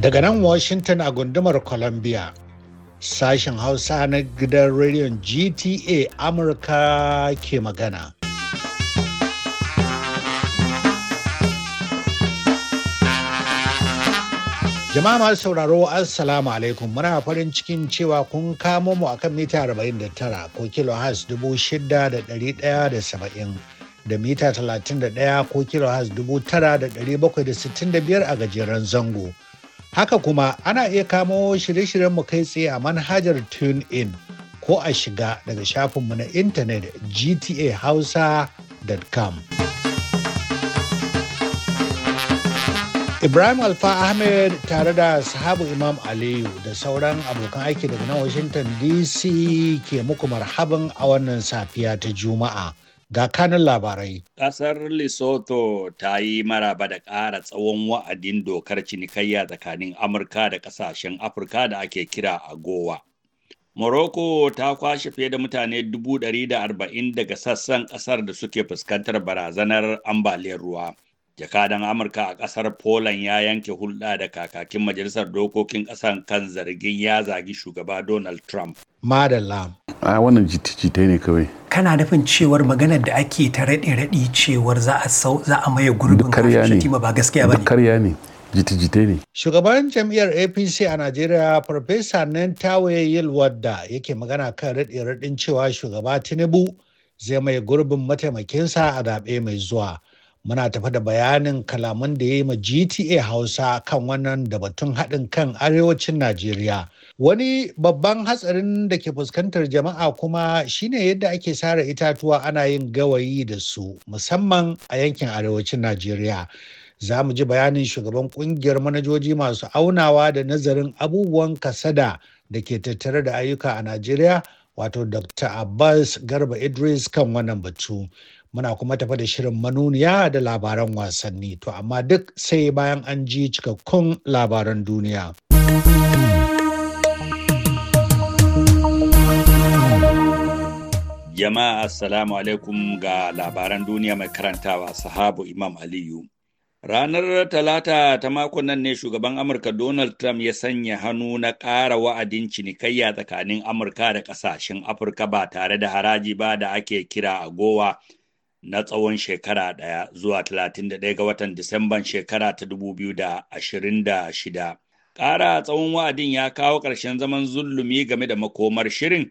Daga nan Washington a gundumar Columbia, sashen Hausa na gidan rediyon GTA Amurka ke magana. Jama'a masu sauraro Assalamu alaikum muna farin cikin cewa kun kamo mu akan mita 49 ko kilo has 6,170. da mita 31 ko kilohertz 9765 a gajeren zango. Haka kuma ana iya kamo shirye-shiryen mu kai tsaye a manhajar in ko a shiga daga shafinmu na intanet gtahausa.com. Ibrahim Alfa Ahmed tare da sahabu Imam Aliyu da sauran abokan aiki daga nan Washington DC ke muku marhaban a wannan safiya ta Juma'a. ga kanan labarai. Kasar Lesotho ta yi maraba da ƙara tsawon wa'adin dokar cinikayya tsakanin Amurka da ƙasashen Afirka da ake kira agowa. Morocco ta kwashe fiye da mutane dubu da arba'in daga sassan ƙasar da suke fuskantar barazanar ambaliyar ruwa. jakadan amurka a kasar poland ya yanke hulɗa da kakakin majalisar dokokin ƙasar kan zargin ya zagi shugaba donald trump madalla a wannan jita-jita ne kawai kana nufin cewar maganar da ake ta raɗe-raɗi cewar za a sau za a maye gurbin kafin shatima ba gaskiya ba ne karya ne jita-jita ne shugaban jam'iyyar apc a najeriya farfesa nantawe yilwadda yake magana kan raɗe-raɗin cewa shugaba tinubu zai mai gurbin mataimakinsa a daɓe mai zuwa muna tafa da bayanin kalaman da ya yi ma gta hausa kan wannan da batun haɗin kan arewacin najeriya wani babban hatsarin da ke fuskantar jama'a kuma shine yadda ake sare itatuwa ana yin gawayi da su musamman a yankin arewacin najeriya za mu ji bayanin shugaban kungiyar manajoji masu aunawa da nazarin abubuwan kasada da ke tattare da ayyuka a najeriya wato dr abbas garba idris kan wannan batu muna kuma tafa da shirin manuniya da labaran wasanni to amma duk sai bayan an ji cikakkun labaran duniya. Jama'a assalamu alaikum ga labaran duniya mai karantawa sahabu Imam Aliyu. Ranar Talata ta makon nan ne shugaban Amurka Donald Trump ya sanya hannu na ƙara wa'adin cinikayya tsakanin Amurka da ƙasashen Afirka ba tare da haraji ba da ake kira a gowa. na tsawon shekara ɗaya zuwa 31 ga watan Disamban shekara ta 2026. Ƙara tsawon wa'adin ya kawo ƙarshen zaman zulumi game da makomar shirin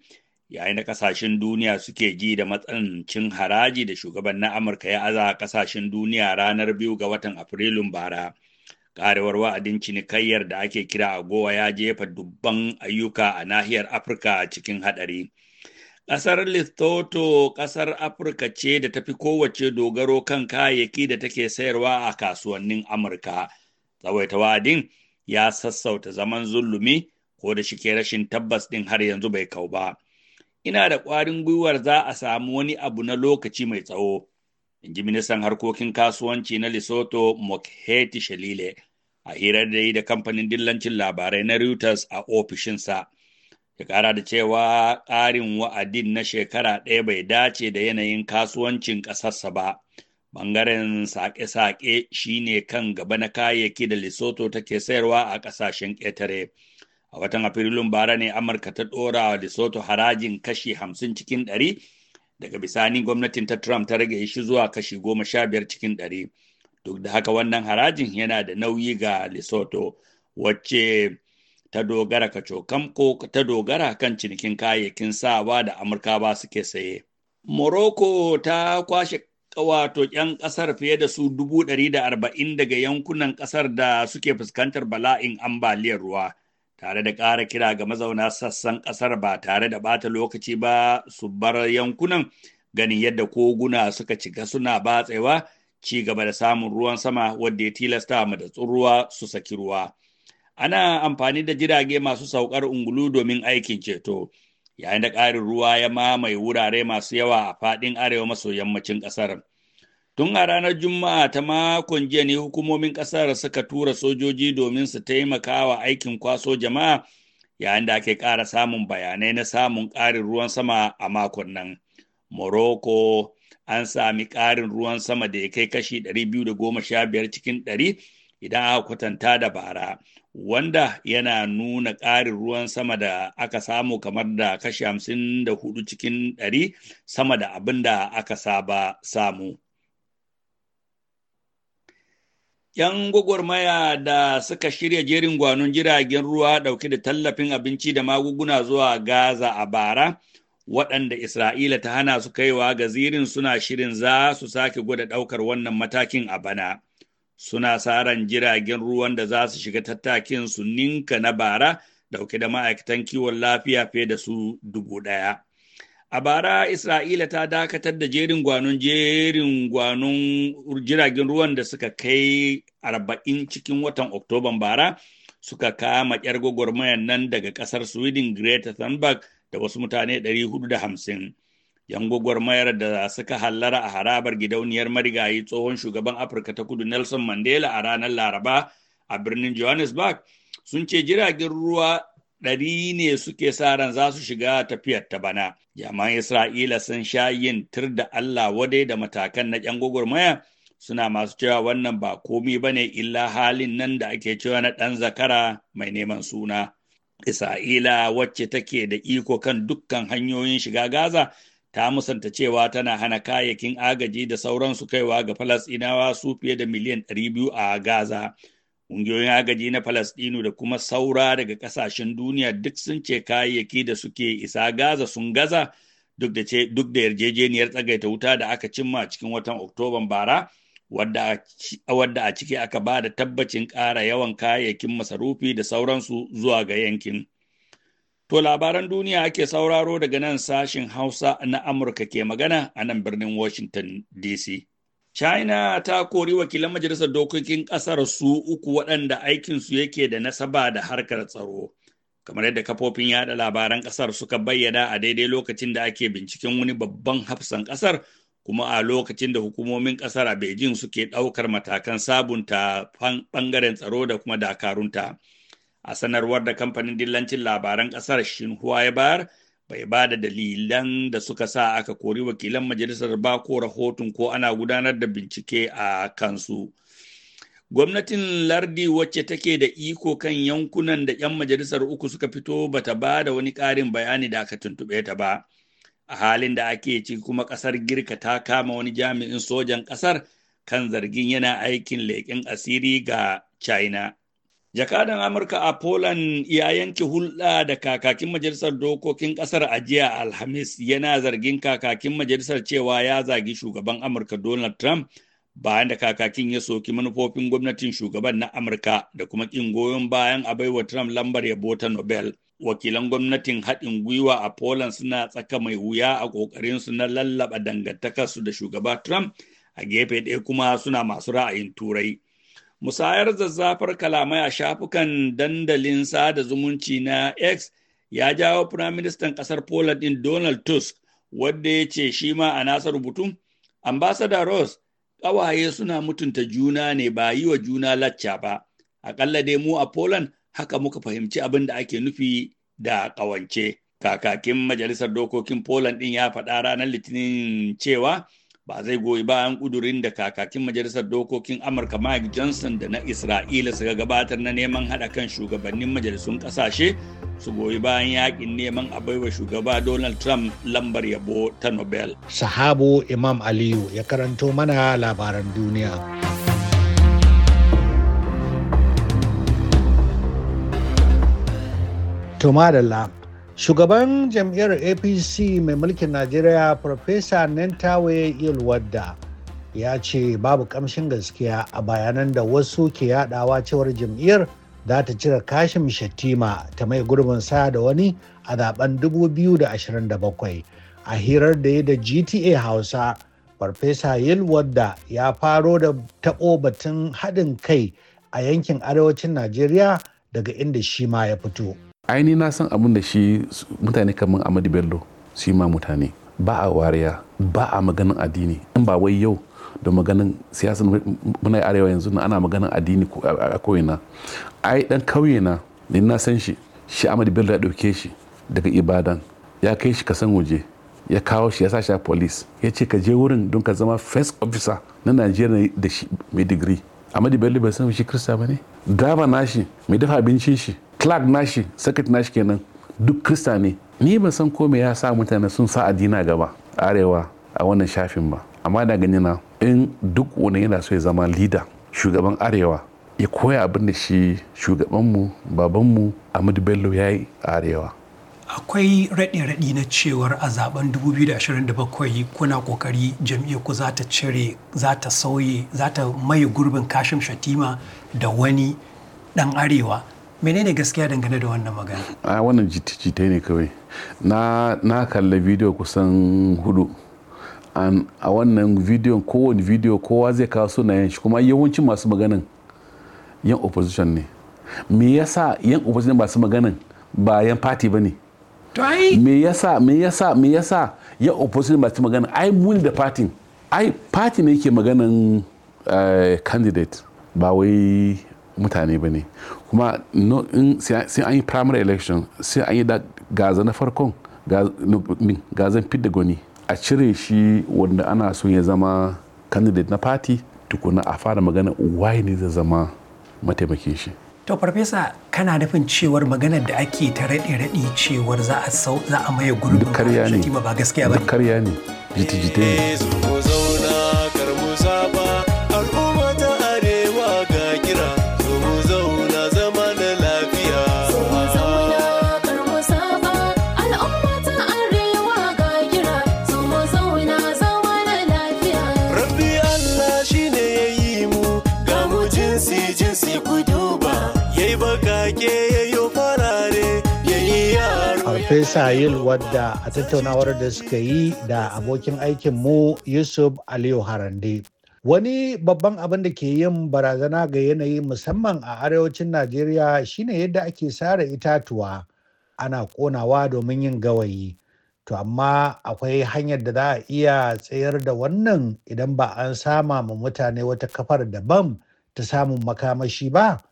yayin da ƙasashen duniya suke ji da matsanancin haraji da shugaban na Amurka ya aza ƙasashen duniya ranar biyu ga watan Afrilun bara. Ƙarewar wa'adin cinikayyar da ake kira a Gowa ya jefa dubban ayyuka a nahiyar Afirka cikin haɗari. Ƙasar Lesotho ƙasar Afirka ce da tafi kowace dogaro kan kayayyaki da take sayarwa a kasuwannin Amurka. Tsawaita wa'adin ya sassauta zaman zulumi ko da shike rashin tabbas ɗin har yanzu bai kau ba. Ina da ƙwarin gwiwar za a samu wani abu na lokaci mai tsawo, in ji ministan harkokin kasuwanci na Lesotho Mokheti Shalile a hirar da yi da kamfanin dillancin labarai na Reuters a ofishinsa. ya kara da cewa ƙarin wa'adin na shekara ɗaya bai dace da yanayin kasuwancin ƙasarsa ba ɓangaren saƙe-saƙe shine kan gaba na kayayyaki da lesotho take sayarwa a ƙasashen ƙetare a watan afrilun bara ne amurka ta ɗora wa lesotho harajin kashi hamsin cikin ɗari daga bisani gwamnatin ta trump ta rage shi zuwa kashi goma sha biyar cikin ɗari duk da haka wannan harajin yana da nauyi ga lesotho wacce ta dogara kacokam ko ta dogara kan cinikin kayayyakin sawa da Amurka ba suke saye. Morocco ta kwashe wato 'yan ƙasar fiye da su dubu ɗari da arba'in daga yankunan ƙasar da suke fuskantar bala'in ambaliyar ruwa, tare da ƙara kira ga mazauna sassan ƙasar ba tare da bata lokaci ba su bar yankunan ganin yadda koguna suka cika suna batsewa ci gaba da samun ruwan sama wadda ya tilasta ma da ruwa su saki ruwa. ana amfani da jirage masu saukar ungulu domin aikin ceto yayin da ƙarin ruwa ya mamaye wurare masu yawa a faɗin arewa maso yammacin ƙasar. Tun a ranar Juma'a ta makon jiya ne hukumomin ƙasar suka tura sojoji domin su taimaka wa aikin kwaso jama'a yayin da ake ƙara samun bayanai na samun ƙarin ruwan sama a makon nan. Morocco an sami ƙarin ruwan sama da ya kai kashi 215 cikin 100 idan aka kwatanta da bara. wanda yana nuna ƙarin ruwan sama da aka samu kamar da kashi hamsin da hudu cikin ɗari sama da abin da aka saba samu. 'Yan gwagwarmaya da suka shirya jerin gwanon jiragen ruwa ɗauke da tallafin abinci da magunguna zuwa Gaza a bara, waɗanda Isra'ila ta hana su kaiwa ga zirin suna shirin za su sake gwada ɗaukar wannan matakin a bana. suna saran jiragen ruwan da za su shiga tattakin su ninka na bara dauke da ma'aikatan kiwon lafiya fiye da su dubu ɗaya. A bara Isra'ila ta dakatar da jerin gwanon jerin gwanon jiragen ruwan da suka kai arba'in cikin watan Oktoban bara suka kama ‘yar gwagwarmayan nan daga ƙasar Sweden Greta Thunberg da wasu mutane 450. 'Yan gwagwarmayar da suka hallara a harabar gidauniyar marigayi tsohon shugaban Afirka ta kudu Nelson Mandela a ranar Laraba a birnin Johannesburg sun ce jiragen ruwa ɗari ne suke sa ran za su shiga tafiyar ta bana. Jaman Isra'ila sun sha yin tir da Allah wadai da matakan na 'yan gwagwarmaya suna masu cewa wannan ba komi ba ne illa halin nan da ake cewa na ɗan zakara mai neman suna. Isra'ila wacce take da iko kan dukkan hanyoyin shiga Gaza ta musanta cewa tana hana kayayyakin agaji da sauransu kaiwa ga Falasɗinawa su fiye da miliyan 200 a Gaza. Ƙungiyoyin agaji na Falasɗinu da kuma saura daga ƙasashen duniya duk sun ce kayayyaki da suke isa Gaza sun gaza duk da ce duk da yarjejeniyar tsagaita wuta da aka cimma cikin watan Oktoban bara wadda a ciki aka ba da tabbacin ƙara yawan kayayyakin masarufi da sauransu zuwa ga yankin. To labaran duniya ake sauraro daga nan sashin Hausa na Amurka ke magana a nan birnin Washington DC. China ta kori wakilan majalisar dokokin ƙasar su uku waɗanda aikinsu yake da nasaba da harkar tsaro. Kamar yadda kafofin yada labaran ƙasar suka bayyana a daidai lokacin da ake binciken wani babban hafsan ƙasar kuma a lokacin da hukumomin ƙasar a Beijing suke ɗaukar matakan sabunta ɓangaren tsaro da kuma dakarunta. a sanarwar da kamfanin dillancin labaran ƙasar shinhua ya bayar bai ba da dalilan da suka sa aka kori wakilan majalisar ba ko rahoton ko ana gudanar da bincike a kansu. Gwamnatin lardi wacce take da iko kan yankunan da 'yan majalisar uku suka fito bata ba da wani ƙarin bayani da aka tuntuɓe ta ba. A halin da ake ci kuma ƙasar Girka ta kama wani jami'in sojan ƙasar kan zargin yana aikin leƙen asiri ga China. Jakadan Amurka a Poland ya yanke hulɗa da kakakin majalisar dokokin ƙasar a jiya Alhamis yana zargin kakakin majalisar cewa ya zagi shugaban Amurka Donald Trump bayan da kakakin ya soki manufofin gwamnatin shugaban na Amurka da kuma ƙin goyon bayan a baiwa Trump lambar yabo ta Nobel. Wakilan gwamnatin haɗin gwiwa a Poland suna tsaka mai wuya a ƙoƙarinsu na lallaba dangantakarsu da shugaba Trump a gefe ɗaya kuma suna masu ra'ayin Turai. musayar zazzafar kalamai a shafukan dandalin sada zumunci na x ya jawo firaministan ƙasar poland din donald tusk wadda ya ce shi ma a nasa rubutu ambassador ross ƙawaye suna mutunta juna ne ba yi wa juna lacca ba aƙalla dai mu a poland haka muka fahimci abin da ake nufi da ƙawance kakakin majalisar dokokin poland ɗin ya faɗa ranar litinin cewa ba zai goyi bayan ƙudurin da kakakin majalisar dokokin amurka mike johnson da na isra'ila suka gabatar na neman haɗa kan shugabannin majalisun ƙasashe su goyi bayan yakin neman a baiwa shugaba donald trump lambar yabo ta nobel sahabu imam aliyu ya karanto mana labaran duniya to madalla shugaban jam'iyyar apc mai mulkin najeriya Profesa nentawe wadda ya ce babu kamshin gaskiya a bayanan da wasu ke yadawa cewar jam'iyyar za ta cire kashin shatima ta mai gurbin sa da wani a zaben 2027 a hirar da ya da gta hausa farfesa yilwadda ya faro da taɓo batun haɗin kai a yankin arewacin najeriya daga inda shi ma ya fito. aini na san abin da shi mutane kamar amadu bello su ma mutane ba a wariya ba a maganin addini in ba wai yau da maganin siyasar muna arewa yanzu ana maganin addini a koyina ai dan kauye na ni na san shi shi amadu bello ya dauke shi daga ibadan ya kai shi ka san waje ya kawo shi ya sa shi a police ya ce ka je wurin don ka zama first officer na najeriya da shi mai digiri amadu bello bai san shi krista ba ne daba nashi mai dafa abincin shi clark nashi sakit nashi kenan duk krista ne ni ban san ko me ya sa mutane sun sa addina gaba arewa a wannan shafin ba amma da gani na in duk wani yana so ya zama lida shugaban arewa ya koya abin da shi shugabanmu babanmu ahmadu bello ya yi arewa akwai raɗe-raɗi na cewar a zaben 2027 kuna ƙoƙari jam'iyyar ku za ta cire za ta sauye za ta maye gurbin kashim shatima da wani ɗan arewa menene gaskiya dangane da wannan magana a wannan jita ne kawai na kalla bidiyo kusan hudu a wannan bidiyo kowane bidiyo kowa zai kawo sunayen shi kuma yawancin masu maganin yan opposition ne me yasa yan opposition masu maganin ba yan party ba ne me yasa me yasa me yasa yan opposition masu maganin ai muni da party ai party ne ke maganin eh, candidate ba wai mutane ba ne kuma sai an yi primary election sai an yi gaza na farkon gazan fidda gwani a cire shi wanda ana son ya zama candidate na party tukuna a fara magana waye ne zai zama mataimakin shi to farfesa kana nufin cewar maganar da ake ta raɗe-raɗi cewar za a maye gurbin ba gaskiya ba ne ne jita-jita ne Isayil wadda a tattaunawar da suka yi da abokin aikin mu Yusuf Aliyu Harande. Wani babban abin da ke yin barazana ga yanayi musamman a arewacin Najeriya shine yadda ake sare itatuwa ana konawa domin yin gawayi. To amma akwai hanyar da za a iya tsayar da wannan idan ba an sama ma mutane wata kafar daban ta samun makamashi ba.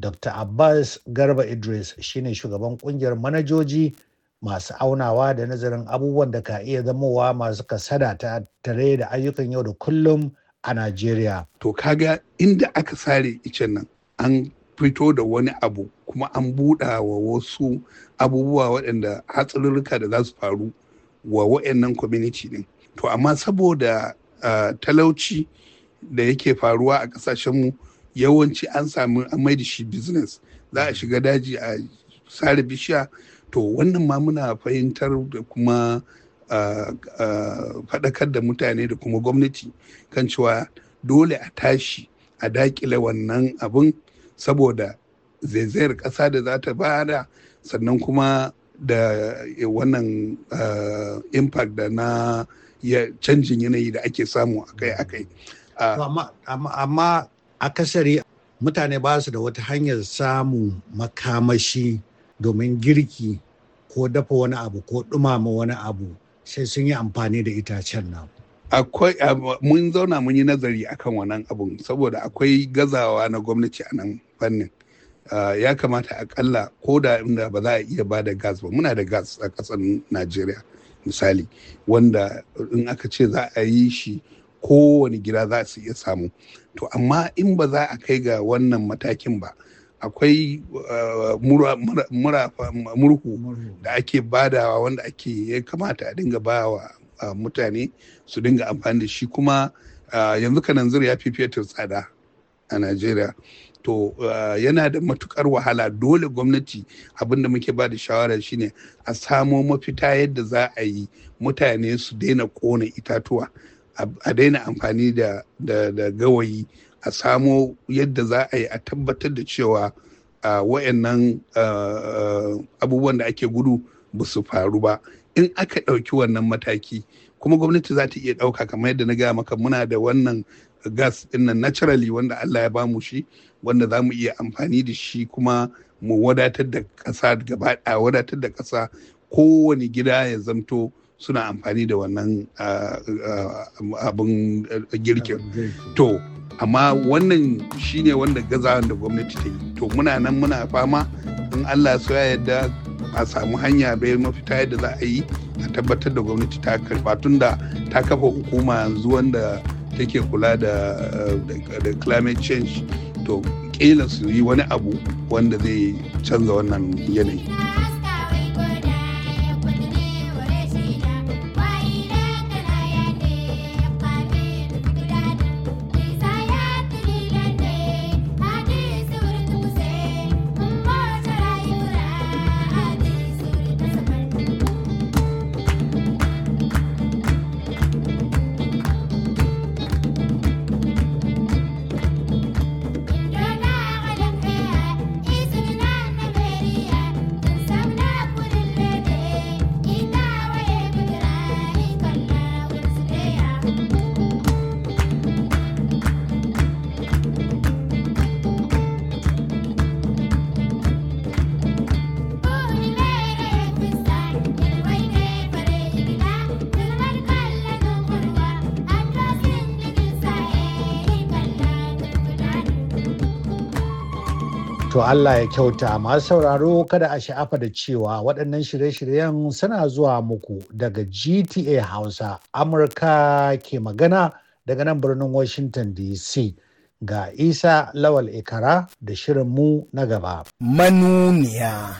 Dr. Abbas Garba Idris shine shugaban kungiyar manajoji masu aunawa da nazarin abubuwan da ka iya zamowa masu kasada ta tare da ayyukan yau da kullum a Najeriya. To kaga inda aka sare icen nan an fito da wani abu kuma an buɗa wa wasu abubuwa waɗanda hatsarurruka da za su faru wa waɗannan community ɗin. To amma saboda uh, talauci da yake faruwa a ƙasashenmu yawanci an sami an mai da shi business za a shiga daji a sare bishiya to wannan ma muna fahimtar da kuma faɗakar da mutane da kuma gwamnati kan cewa dole a tashi a dakile wannan abin saboda zaizayar ƙasa da za ta bada sannan kuma da wannan impact da na canjin yanayi da ake samu akai-akai. amma akasari mutane ba su da wata hanyar samun makamashi domin girki ko dafa wani abu ko dumama wani abu sai sun yi amfani da itacen nan. Akwai mun zauna mun yi nazari akan wannan abun saboda akwai gazawa na gwamnati a nan fannin. ya kamata akalla ko da inda ba za a iya ba da gas ba muna da gas a ƙasar Najeriya misali wanda in aka ce za a yi shi kowane gida za su iya samu to amma in ba za a kai ga wannan matakin ba akwai eh, murhu da ake badawa wanda ake ya kamata a dinga bawa eh, mutane su dinga amfani da shi kuma eh, yanzu kananzir ya fi fetur tsada a najeriya to yana da matukar wahala dole gwamnati abinda muke ba da shawara shine a samo mafita yadda za a yi mutane su daina kona itatuwa a daina amfani da gawayi a samo yadda za a yi a tabbatar da cewa uh, wa'annan abubuwan da ake gudu ba su faru ba in aka ɗauki wannan mataki kuma gwamnati za ta iya ɗauka kamar yadda na gaya maka muna da wannan gas ɗinnan naturally wanda Allah ya bamu shi wanda za mu iya amfani da shi kuma mu wadatar da ƙasa gaba wadatar da ƙasa kowane gida ya zamto suna amfani da wannan abin girkin to amma wannan shine wanda gazawan da gwamnati ta yi to muna nan muna fama in allah so ya yadda a samu hanya bai mafita yadda za a yi a tabbatar da gwamnati ta karba tun da ta kafa hukuma yanzu wanda take kula da climate change to kila su yi wani abu wanda zai canza wannan yanayi. To Allah ya kyauta masu sauraro kada a sha'afa da cewa waɗannan shirye-shiryen suna zuwa muku daga GTA Hausa Amurka ke magana daga nan birnin Washington DC ga Isa Lawal Ikara da mu na gaba. Manuniya.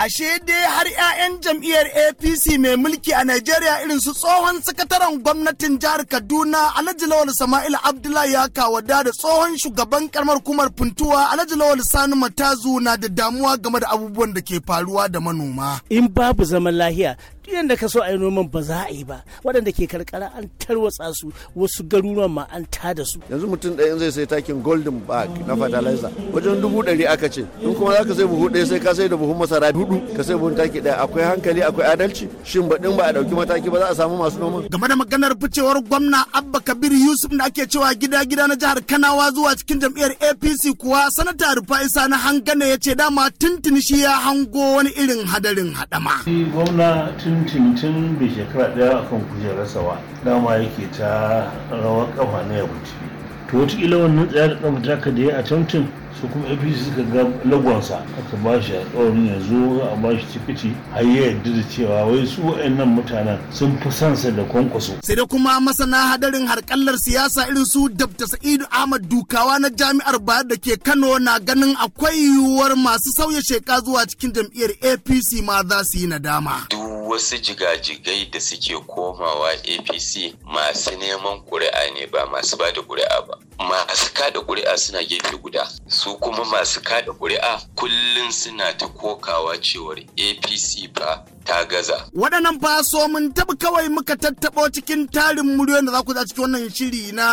Ashe dai har 'ya'yan jam'iyyar apc mai mulki a najeriya irin su tsohon sakataren gwamnatin jihar kaduna alhaji lawal sama'il abdullahi ya kawada da tsohon shugaban karamar hukumar puntuwa alhaji lawal sani matazu na da damuwa game da abubuwan da ke faruwa da manoma in babu zaman lahiya yadda ka so a yi noman ba za a yi ba waɗanda ke karkara an tarwatsa su wasu garuruwan ma an da su yanzu mutum ɗaya zai sai takin golden bag na fertilizer wajen dubu ɗari aka ce in kuma za ka sai buhu ɗaya sai ka sai da buhun masara hudu ka sai buhun taki baki daya akwai hankali akwai adalci shin baɗin ba a ɗauki mataki ba za a samu masu noma. game da maganar ficewar gwamna abba kabir yusuf da ake cewa gida gida na jihar kanawa zuwa cikin jam'iyyar apc kuwa sanata rufa isa na hangana ya ce dama tuntuni shi ya hango wani irin hadarin hadama. gwamna tuntuni tun bai shekara ɗaya akan kujerar sawa dama yake ta rawar kafa na yabuci. to wataƙila wannan tsaya da kafa taka da ya a tantin su kuma apc suka ga lagonsa aka ba shi a tsawon ya zo a ba shi tikiti har ya yarda da cewa wai su waɗannan mutanen sun fi sansa da kwankwaso. sai da kuma masana hadarin harkallar siyasa irin su dabta sa'idu ahmad dukawa na jami'ar bayar da ke kano na ganin akwai yiwuwar masu sauya sheka zuwa cikin jam'iyyar apc ma za su yi nadama. wasu jigajigai da suke komawa apc masu neman ƙuri'a ne ba masu ba da ƙuri'a ba masu kada ƙuri'a suna gefe guda su kuma masu kada ƙuri'a kullum suna ta kokawa cewar apc ba ta gaza. Waɗannan faso mun taɓa kawai muka tattaɓo cikin tarin muryoyin da za ku za wannan shiri na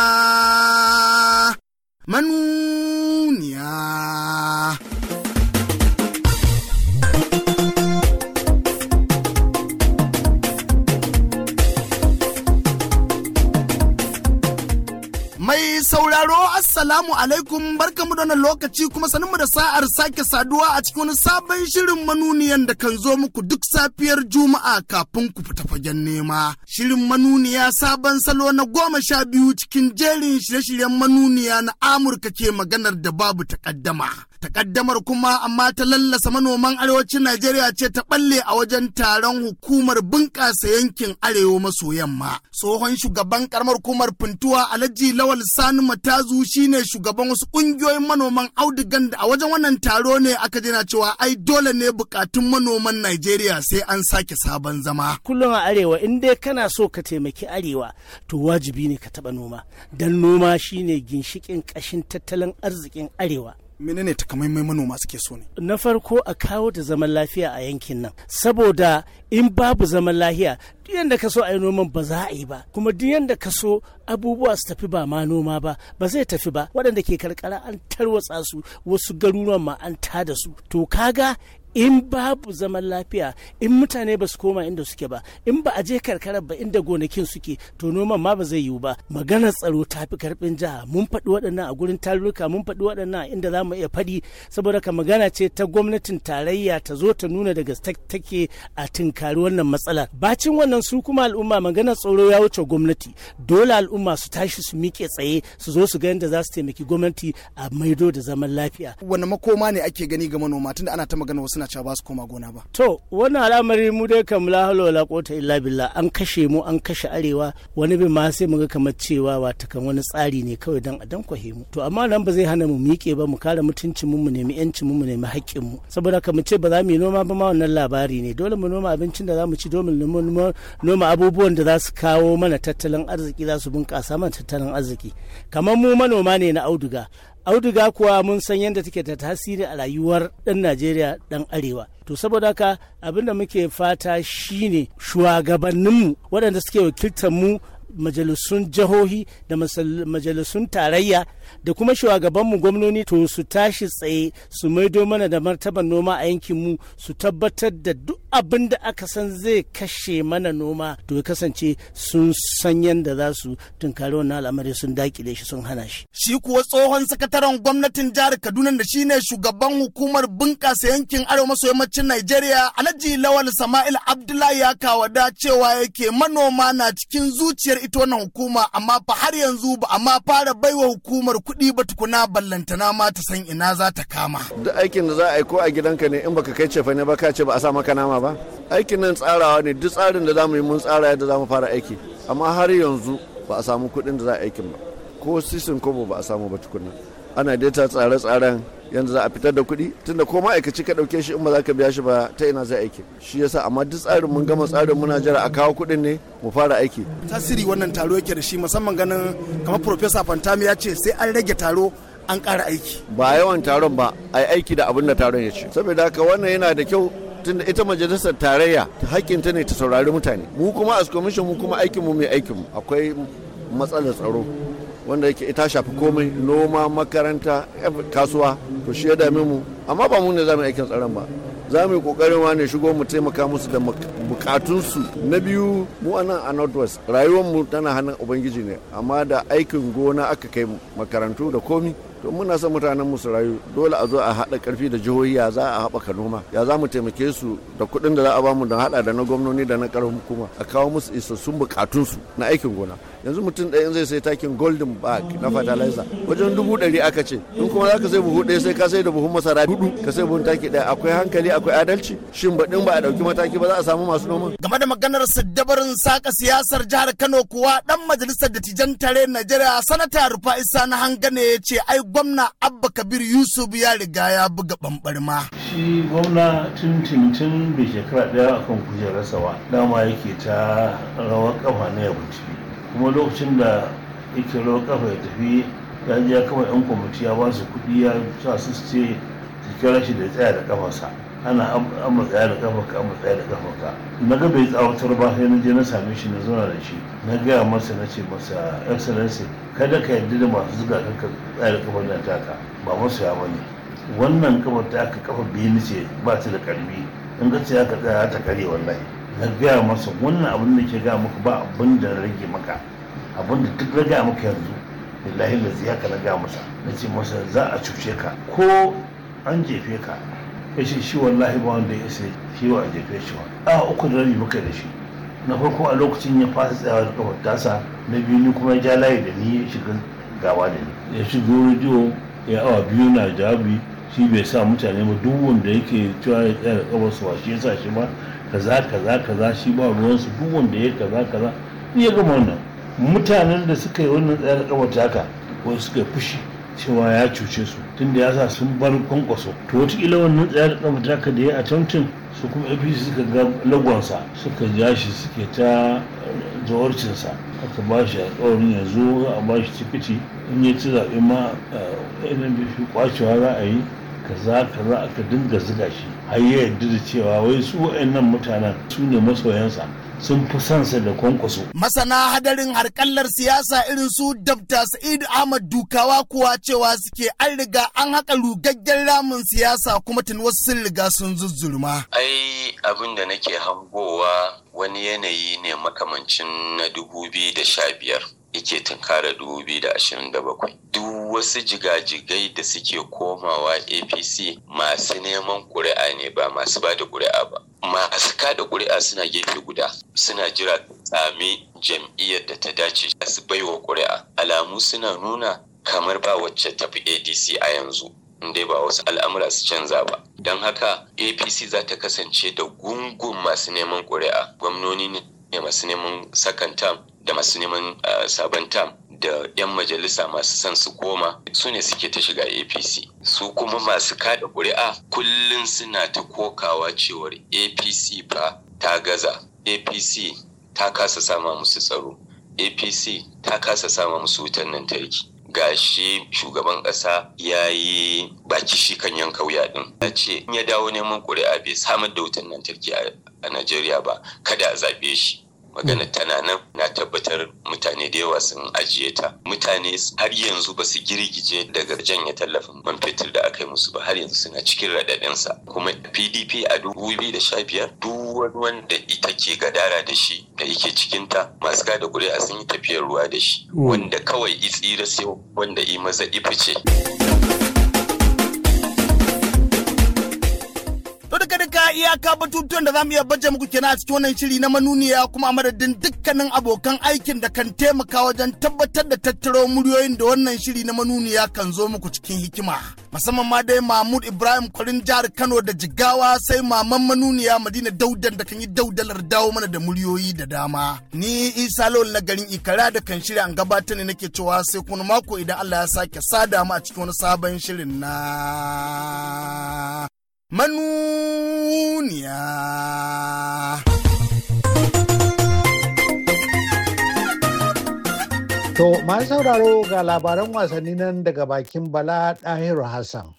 manuniya. sauraro assalamu alaikum barkamu da wannan lokaci kuma sanin da sa'ar sake saduwa a cikin wani sabon shirin manuniyan da kan zo muku duk safiyar juma'a kafin ku fita fagen nema. Shirin manuniya sabon salo na goma sha biyu cikin jerin shirye-shiryen manuniya na Amurka ke maganar da babu takaddama. Takaddamar kuma amma ta lallasa manoman arewacin Najeriya ce ta balle a wajen taron hukumar bunƙasa yankin arewa maso yamma. Tsohon shugaban karamar hukumar Funtuwa Alhaji Lawal Sani Sani Matazu shine shugaban wasu kungiyoyin manoman audigan da a wajen wannan taro ne aka jina cewa ai dole ne bukatun manoman Najeriya sai an sake sabon zama. Kullum a arewa in dai kana so ka taimaki arewa to wajibi ne ka taba noma. Dan noma shine ginshikin kashin tattalin arzikin arewa. menene takamaimai manoma suke so ne na farko a kawo da zaman lafiya a yankin nan saboda in babu zaman lafiya duk yadda ka so a yi noman ba za a yi ba kuma duk yadda ka so abubuwa su tafi ba ma noma ba ba zai tafi ba waɗanda ke karkara an tarwatsa su wasu garuruwan ma an tada su to kaga in babu zaman lafiya in mutane ba su koma inda suke ba in ba a je karkarar ba inda gonakin suke to noman ma ba zai yiwu ba maganar tsaro ta fi karfin jiha mun faɗi waɗannan a gurin taruka mun faɗi waɗannan inda za mu iya faɗi saboda ka magana ce ta gwamnatin tarayya ta zo ta nuna daga take a tinkari wannan matsalar bacin wannan su kuma al'umma magana tsaro ya wuce gwamnati dole al'umma su tashi su miƙe tsaye su zo su ga yadda za su taimaki gwamnati a maido da zaman lafiya wani makoma ne ake gani ga manoma tunda ana ta magana wasu na suna ba su koma gona ba to wannan al'amari mu dai kam la kota illa billa an kashe mu an kashe arewa wani bin ma sai muga kamar cewa wata kan wani tsari ne kawai dan adan kwahe mu to amma nan ba zai hana mu miƙe ba mu kare mutuncin mu mu nemi yancin mu mu nemi haƙƙin mu saboda ka mu ce ba za mu yi noma ba ma wannan labari ne dole mu noma abincin da za mu ci domin mu noma abubuwan da za su kawo mana tattalin arziki za su bunƙasa mana tattalin arziki kamar mu manoma ne na auduga auduga kuwa mun san yadda take da tasiri a rayuwar ɗan najeriya ɗan arewa to saboda haka abinda da muke fata shine shugabanninmu waɗanda suke wakiltar mu majalisun jihohi da majalisun tarayya da kuma shugabanmu gwamnoni to su tashi tsaye su maido mana da martaban noma a yankinmu su tabbatar da duk abin da aka san zai kashe mana noma to kasance sun san yadda za su tunkari wannan al'amari sun dakile shi sun hana shi. Shi kuwa tsohon sakataren gwamnatin jihar Kaduna da shine shugaban hukumar bunƙasa yankin arewa maso yammacin Najeriya Alhaji Lawal Sama'il Abdullahi ya kawada cewa yake manoma na cikin zuciyar dukiyar ita wannan hukuma amma fa har yanzu ba amma fara baiwa hukumar kuɗi ba tukuna ballantana ma ta san ina za ta kama. Duk aikin da za a yi ko a gidanka ne in baka kai cefa ne ba ka ce ba a sa maka nama ba. Aikin nan tsarawa ne duk tsarin da za mu yi mun tsara yadda za mu fara aiki amma har yanzu ba a samu kuɗin da za a aikin ba ko sisin kobo ba a samu ba tukuna. ana daita tsare-tsaren yanzu za a fitar da kuɗi tunda ko ma'aikaci ka ɗauke shi in ba za ka biya shi ba ta ina zai aiki shi yasa amma duk tsarin mun gama tsarin muna jira a kawo kuɗin ne mu fara aiki tasiri wannan taro yake da shi musamman ganin kamar professor fantami ya ce sai an rage taro an ƙara aiki ba yawan taron ba a aiki da abin da taron ya ce saboda haka wannan yana da kyau tunda ita majalisar tarayya ta ne ta saurari mutane mu kuma as commission mu kuma aikin mu mai mu akwai matsalar tsaro wanda yake ita shafi komai noma makaranta eh, kasuwa to shi ya dame mu amma ba mu ne za mu aikin tsaron ba za mu yi kokarin wane shigo mu taimaka musu da bukatunsu na biyu mu a nan a northwest mu tana hannun ubangiji ne amma da aikin gona aka kai makarantu da komi to muna son mutanen musu rayu dole a zo a haɗa karfi da jihohi ya za a haɓaka noma ya za mu taimake su da kuɗin da za a ba mu don haɗa da na gwamnoni da na ƙarfin hukuma a kawo musu isassun bukatunsu na aikin gona yanzu mutum ɗaya zai sai takin golden bag na fertilizer wajen dubu ɗari aka ce in kuma zaka sai buhu ɗaya sai ka sai da buhun masara hudu ka sai buhun taki ɗaya akwai hankali akwai adalci shin ba ɗin ba a ɗauki mataki ba za a samu masu noma. game da maganar siddabarin saka siyasar jihar kano kuwa dan majalisar dattijan tare najeriya sanata rufa isa na ne ya ce ai gwamna abba kabir yusuf ya riga ya buga ma. shi gwamna tun tun bai shekara ɗaya akan kujerar sawa dama yake ta rawar kafa na ya kuma lokacin da yake rawar kafa ya tafi ya ji ya kama yan kwamiti ya basu su kuɗi ya sa su ce su kira shi da ya tsaya da kafarsa ana amma tsaya da kafarka amma tsaya da kafarka na ga bai tsawatar ba sai na je na same shi na zauna da shi na gaya masa na ce masa excellency kada ka yarda da masu zuga ka tsaya da kafar nan taka ba masu ya bane wannan kafar ta aka kafa biyu ce ba ta da karbi in ka ce aka tsaya ta kare wallahi na gaya masa wannan abin da ke gaya maka ba abin da na rage maka abin da duk na gaya maka yanzu lillahi lazi ka na gaya masa na ce masa za a cuce ka ko an jefe ka ya ce shi wallahi ba wanda ya sai shi wa a jefe shi wa a uku da rabi maka da shi na farko a lokacin ya fasa tsayawa da kafar tasa na biyu ni kuma ja layi da ni ya shiga gawa da ni ya shigo rediyo ya awa biyu na jawabi shi bai sa mutane ba duk wanda yake cewa ya tsaya kabar su shi ya sa shi ba kaza kaza kaza shi ba ruwansu duk wanda ya kaza kaza ni ya gama wannan mutanen da suka yi wannan tsaya kabar ta haka wasu suka fushi cewa ya cuce su tunda ya sa sun bar kwankwaso to wataƙila wannan tsaya kabar ta haka da ya attempting su kuma apc suka ga lagonsa suka ja shi suke ta jawarcinsa aka ba shi a ya zo a ba shi tikiti in ya ci zaɓe ma shi eh, kwacewa za a yi kaza kaza ka dinga ziga shi har ya yarda da cewa wai su wayannan mutanen su ne masoyansa sun fi sa da kwankwaso. Masana hadarin harkallar siyasa irin su Dabta Sa'id Ahmad Dukawa kuwa cewa suke an riga an haka rugaggen ramin siyasa kuma tun wasu sun riga sun zuzzurma. Ai abin da nake hangowa wani yanayi ne makamancin na dubu da sha biyar. yake tunkara 2027 duk wasu jigajigai da suke komawa apc masu neman ƙuri'a ne ba masu ba da ƙuri'a ba masu kada ƙuri'a suna gefe guda suna jira tsami jam'iyyar da ta dace su baiwa ƙuri'a alamu suna nuna kamar ba wacce tafi adc a yanzu dai ba wasu al'amura su canza ba don haka apc za ta kasance da gungun masu neman ƙuri'a gwamnoni ne da masu neman sakan tam da masu neman sabon tam da 'yan majalisa masu son su koma su ne suke ta shiga apc su kuma masu kada ƙuri'a kullum suna ta kokawa cewar apc ba ta gaza apc ta kasa sama musu tsaro apc ta kasa sama musu wutan lantarki shi shugaban ƙasa ya yi baki shi kan yanka wuya ɗin ya ce in ya dawo neman kuri'a bai samar da wutan lantarki a najeriya ba kada a zaɓe shi magana tana nan na tabbatar mutane da yawa sun ajiye ta mutane har yanzu ba su girgije daga janye tallafin man fetur da aka yi musu ba har yanzu suna cikin sa kuma pdp a dubu biyu da sha biyar duk wani wanda ita ke gadara da shi da yake ta masu gada kuri'a sun yi tafiyar ruwa da shi hmm. wanda kawai i tsira sai wanda i maza ifice ce. iyaka batutuwan da za mu iya baje muku kenan a cikin wannan shiri na manuniya kuma a madadin dukkanin abokan aikin da kan taimaka wajen tabbatar da tattaro muryoyin da wannan shiri na manuniya kan zo muku cikin hikima. Musamman ma dai Mahmud Ibrahim Kwarin jihar Kano da Jigawa sai maman manuniya Madina Daudan da kan yi daudalar dawo mana da muryoyi da dama. Ni Isa Lawal na garin Ikara da kan shirya an gabatar ne nake cewa sai kuma mako idan Allah ya sake sada mu a cikin wani sabon shirin na manuniya. To, masu sauraro ga labaran wasanni nan daga bakin Bala Ɗahiru Hassan.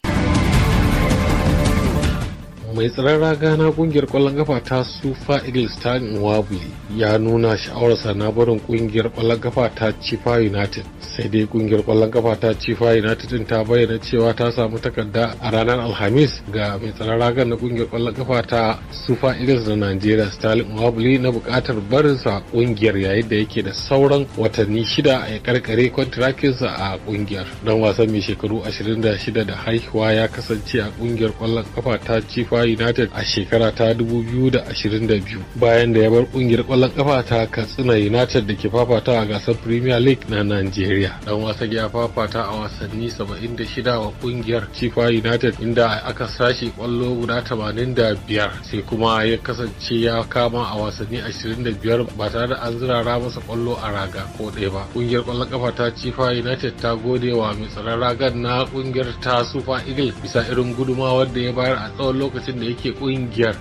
mai tsaron raga na kungiyar kwallon kafa ta sufa eagles ta nwabli ya nuna sha'awarsa na barin kungiyar kwallon kafa ta chifa united sai dai kungiyar kwallon kafa ta chifa united din ta bayyana cewa ta samu takarda a ranar alhamis ga mai tsaron ragar na kungiyar kwallon kafa ta sufa eagles na nigeria stalin nwabli na bukatar barinsa kungiyar yayin da yake da sauran watanni shida a karkare kwantirakinsa a kungiyar dan wasan mai shekaru 26 da haihuwa ya kasance a kungiyar kwallon kafa ta chifa Akwa United a shekara ta 2022 bayan da ya bar kungiyar kwallon kafa ta Katsina United da ke fafata a gasar Premier League na nigeria Dan wasa ya fafata a wasanni 76 wa kungiyar Chifa United inda aka sashi kwallo guda 85 sai kuma ya kasance ya kama a wasanni 25 ba tare da an zirara masa kwallo a raga ko ɗaya ba. Kungiyar kwallon kafa ta Chifa United ta gode wa mai tsaron ragar na kungiyar ta Super Eagle bisa irin gudumawar da ya bayar a tsawon lokaci gwamnatin da yake kungiyar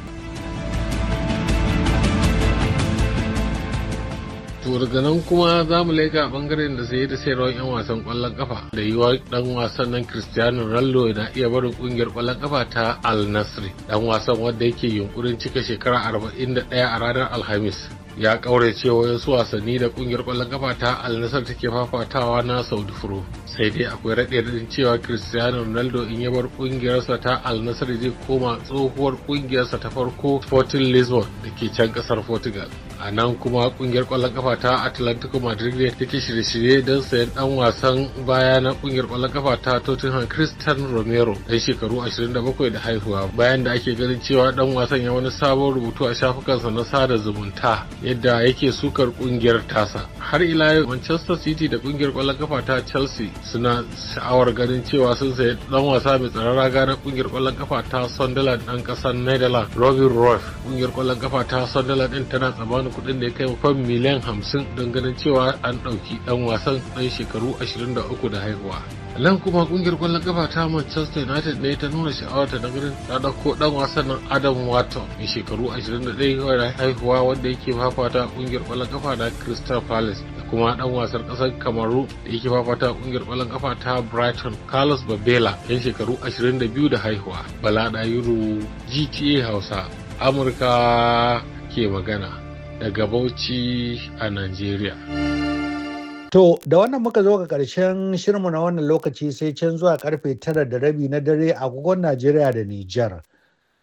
to kuma za mu laika bangaren da sai da sayarwar 'yan wasan kwallon kafa da yi wa dan wasan nan cristiano ronaldo na iya barin kungiyar kwallon kafa ta al nasri dan wasan wanda yake yunkurin cika shekara 41 a ranar alhamis ya kaure cewa wasu wasanni da kungiyar kwallon kafa ta alnasar take fafatawa na saudi pro sai dai akwai raɗe cewa cristiano ronaldo in ya bar kungiyarsa ta alnasar zai koma tsohuwar kungiyarsa ta farko sporting lisbon da ke can kasar portugal a nan kuma kungiyar kwallon kafa ta atlantico madrid ne take shirye-shirye don sayan dan wasan baya na kungiyar kwallon kafa ta tottenham christian romero dan shekaru 27 da haihuwa bayan da ake ganin cewa dan wasan ya wani sabon rubutu a shafukansa na sada zumunta yadda yake sukar kungiyar tasa har ila yau manchester city da kungiyar kwallon kafa ta chelsea suna sha'awar ganin cewa sun sayi dan wasa mai tsaron raga na kungiyar kwallon kafa ta sunderland dan kasar netherlands robin roth kungiyar kwallon kafa ta sunderland din tana tsamanin wani kudin da ya kai fam miliyan hamsin don ganin cewa an ɗauki ɗan wasan ɗan shekaru 23 da haihuwa. nan kuma kungiyar kwallon kafa ta manchester united ne ta nuna sha'awar ta ganin ta dauko ɗan wasan nan adam wato mai shekaru 21 da haihuwa wanda yake fafata kungiyar kwallon kafa da crystal palace da kuma ɗan wasan kasar kamaru da yake fafata kungiyar kwallon kafa ta brighton carlos babela yan shekaru 22 da haihuwa bala da yuru gta hausa amurka ke magana daga Bauchi a Najeriya. To, da wannan muka zo ga ƙarshen shirmu na wannan lokaci sai can zuwa karfe tara da rabi na dare agogon Najeriya da Nijar,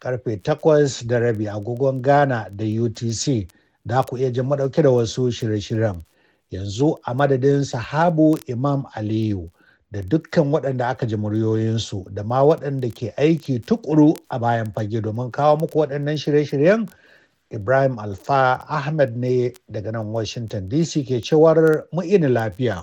karfe takwas da rabi agogon Ghana da UTC da ku iya jin madauke da wasu shirye-shiryen. Yanzu a madadin sahabu Imam Aliyu da dukkan waɗanda aka ji muryoyinsu da ma waɗanda ke aiki tukuru a bayan fage domin kawo muku waɗannan shirye-shiryen. Ibrahim Alfa Ahmed ne daga nan Washington DC ke cewar muini lafiya.